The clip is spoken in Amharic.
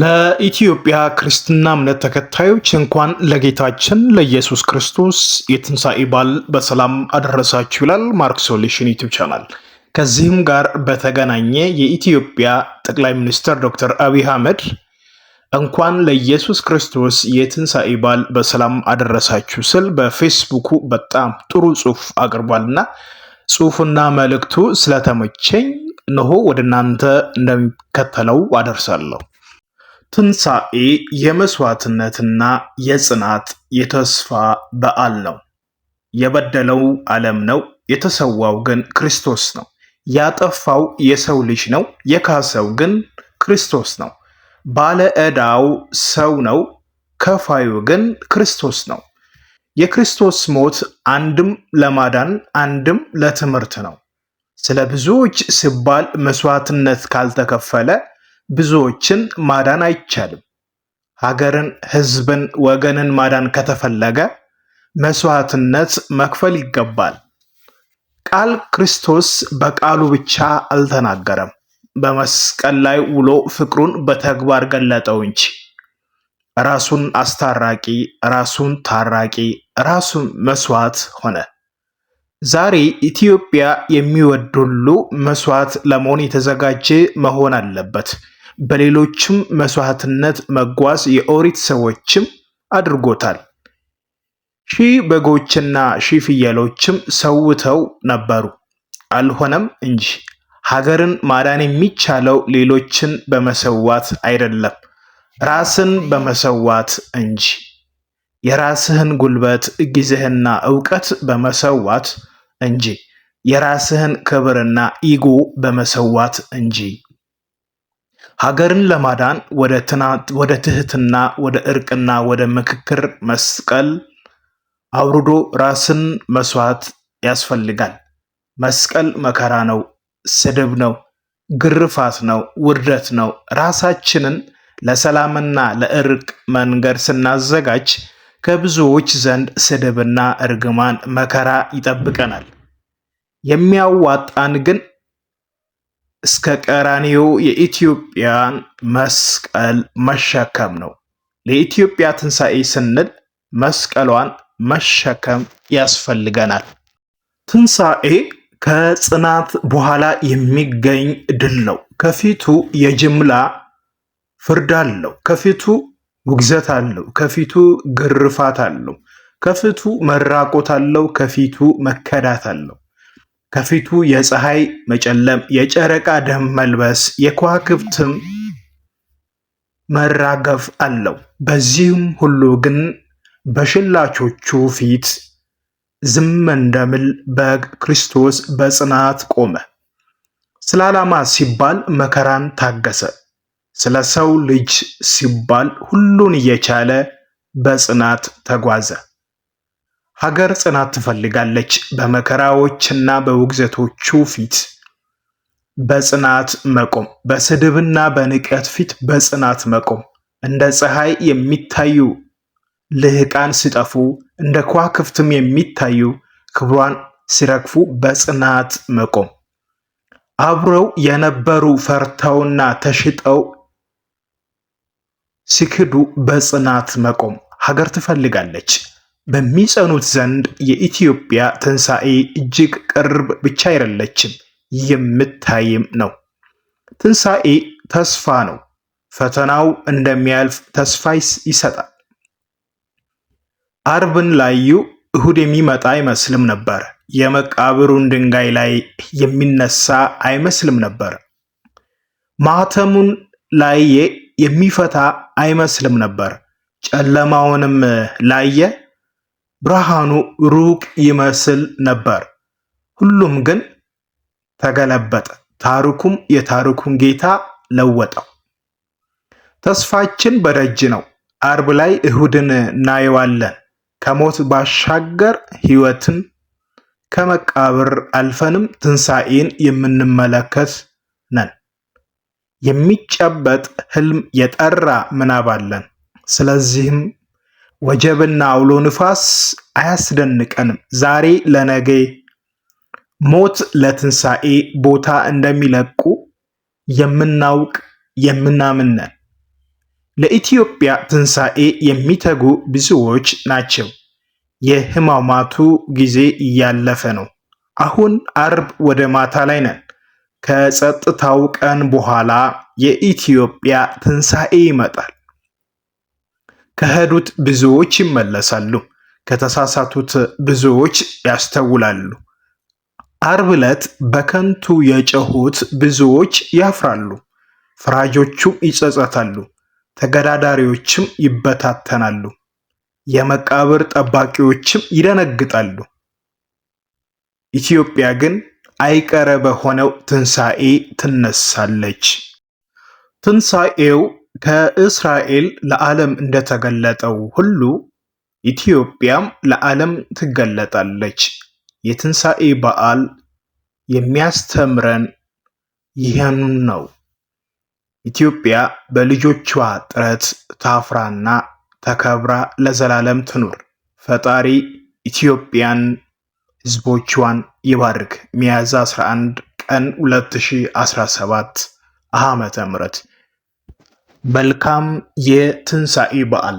ለኢትዮጵያ ክርስትና እምነት ተከታዮች እንኳን ለጌታችን ለኢየሱስ ክርስቶስ የትንሣኤ በዓል በሰላም አደረሳችሁ ይላል ማርክ ሶሉሽን ዩቲዩብ ቻናል። ከዚህም ጋር በተገናኘ የኢትዮጵያ ጠቅላይ ሚኒስትር ዶክተር አብይ አህመድ እንኳን ለኢየሱስ ክርስቶስ የትንሣኤ በዓል በሰላም አደረሳችሁ ስል በፌስቡኩ በጣም ጥሩ ጽሑፍ አቅርቧልና ጽሑፉና መልእክቱ ስለተመቸኝ እነሆ ወደ እናንተ እንደሚከተለው አደርሳለሁ። ትንሣኤ የመሥዋዕትነትና የጽናት የተስፋ በዓል ነው። የበደለው ዓለም ነው፣ የተሰዋው ግን ክርስቶስ ነው። ያጠፋው የሰው ልጅ ነው፣ የካሰው ግን ክርስቶስ ነው። ባለ ዕዳው ሰው ነው፣ ከፋዩ ግን ክርስቶስ ነው። የክርስቶስ ሞት አንድም ለማዳን አንድም ለትምህርት ነው። ስለ ብዙዎች ሲባል መሥዋዕትነት ካልተከፈለ ብዙዎችን ማዳን አይቻልም። ሀገርን፣ ህዝብን፣ ወገንን ማዳን ከተፈለገ መስዋዕትነት መክፈል ይገባል። ቃል ክርስቶስ በቃሉ ብቻ አልተናገረም፣ በመስቀል ላይ ውሎ ፍቅሩን በተግባር ገለጠው እንጂ። ራሱን አስታራቂ፣ ራሱን ታራቂ፣ ራሱን መስዋዕት ሆነ። ዛሬ ኢትዮጵያ የሚወድ ሁሉ መስዋዕት ለመሆን የተዘጋጀ መሆን አለበት። በሌሎችም መስዋዕትነት መጓዝ የኦሪት ሰዎችም አድርጎታል። ሺህ በጎችና ሺህ ፍየሎችም ሰውተው ነበሩ፣ አልሆነም እንጂ ሀገርን ማዳን የሚቻለው ሌሎችን በመሰዋት አይደለም፣ ራስን በመሰዋት እንጂ። የራስህን ጉልበት ጊዜህና እውቀት በመሰዋት እንጂ የራስህን ክብርና ኢጎ በመሰዋት እንጂ ሀገርን ለማዳን ወደ ትህትና፣ ወደ እርቅና ወደ ምክክር መስቀል አውርዶ ራስን መስዋዕት ያስፈልጋል። መስቀል መከራ ነው፣ ስድብ ነው፣ ግርፋት ነው፣ ውርደት ነው። ራሳችንን ለሰላምና ለእርቅ መንገድ ስናዘጋጅ ከብዙዎች ዘንድ ስድብና እርግማን መከራ ይጠብቀናል። የሚያዋጣን ግን እስከ ቀራኒው የኢትዮጵያን መስቀል መሸከም ነው። ለኢትዮጵያ ትንሣኤ ስንል መስቀሏን መሸከም ያስፈልገናል። ትንሣኤ ከጽናት በኋላ የሚገኝ ድል ነው። ከፊቱ የጅምላ ፍርድ አለው። ከፊቱ ውግዘት አለው። ከፊቱ ግርፋት አለው። ከፊቱ መራቆት አለው። ከፊቱ መከዳት አለው። ከፊቱ የፀሐይ መጨለም፣ የጨረቃ ደም መልበስ፣ የከዋክብትም መራገፍ አለው። በዚህም ሁሉ ግን በሽላቾቹ ፊት ዝም እንደምል በግ ክርስቶስ በጽናት ቆመ። ስለ ዓላማ ሲባል መከራን ታገሰ። ስለ ሰው ልጅ ሲባል ሁሉን እየቻለ በጽናት ተጓዘ። ሀገር ጽናት ትፈልጋለች። በመከራዎችና በውግዘቶቹ ፊት በጽናት መቆም፣ በስድብና በንቀት ፊት በጽናት መቆም። እንደ ፀሐይ የሚታዩ ልህቃን ሲጠፉ፣ እንደ ከዋክብትም የሚታዩ ክብሯን ሲረግፉ በጽናት መቆም። አብረው የነበሩ ፈርተውና ተሽጠው ሲክዱ በጽናት መቆም ሀገር ትፈልጋለች። በሚጸኑት ዘንድ የኢትዮጵያ ትንሣኤ እጅግ ቅርብ ብቻ አይደለችም፣ የምታይም ነው። ትንሣኤ ተስፋ ነው። ፈተናው እንደሚያልፍ ተስፋ ይሰጣል። አርብን ላዩ እሁድ የሚመጣ አይመስልም ነበር። የመቃብሩን ድንጋይ ላይ የሚነሳ አይመስልም ነበር። ማህተሙን ላየ የሚፈታ አይመስልም ነበር። ጨለማውንም ላየ ብርሃኑ ሩቅ ይመስል ነበር። ሁሉም ግን ተገለበጠ። ታሪኩም የታሪኩን ጌታ ለወጠው። ተስፋችን በደጅ ነው። አርብ ላይ እሁድን እናየዋለን። ከሞት ባሻገር ህይወትን ከመቃብር አልፈንም ትንሣኤን የምንመለከት ነን። የሚጨበጥ ህልም የጠራ ምናባለን። ስለዚህም ወጀብና አውሎ ንፋስ አያስደንቀንም ዛሬ ለነገ ሞት ለትንሣኤ ቦታ እንደሚለቁ የምናውቅ የምናምነን ለኢትዮጵያ ትንሣኤ የሚተጉ ብዙዎች ናቸው። የሕማማቱ ጊዜ እያለፈ ነው። አሁን አርብ ወደ ማታ ላይ ነን። ከጸጥታው ቀን በኋላ የኢትዮጵያ ትንሣኤ ይመጣል። ከሄዱት ብዙዎች ይመለሳሉ፣ ከተሳሳቱት ብዙዎች ያስተውላሉ። ዓርብ ዕለት በከንቱ የጨሁት ብዙዎች ያፍራሉ፣ ፈራጆቹም ይጸጸታሉ፣ ተገዳዳሪዎችም ይበታተናሉ፣ የመቃብር ጠባቂዎችም ይደነግጣሉ። ኢትዮጵያ ግን አይቀረ በሆነው ትንሣኤ ትነሳለች። ትንሣኤው ከእስራኤል ለዓለም እንደተገለጠው ሁሉ ኢትዮጵያም ለዓለም ትገለጣለች። የትንሣኤ በዓል የሚያስተምረን ይህን ነው። ኢትዮጵያ በልጆቿ ጥረት ታፍራና ተከብራ ለዘላለም ትኑር። ፈጣሪ ኢትዮጵያን ሕዝቦቿን ይባርክ። ሚያዝያ 11 ቀን 2017 ዓመተ ምሕረት መልካም የትንሣኤ በዓል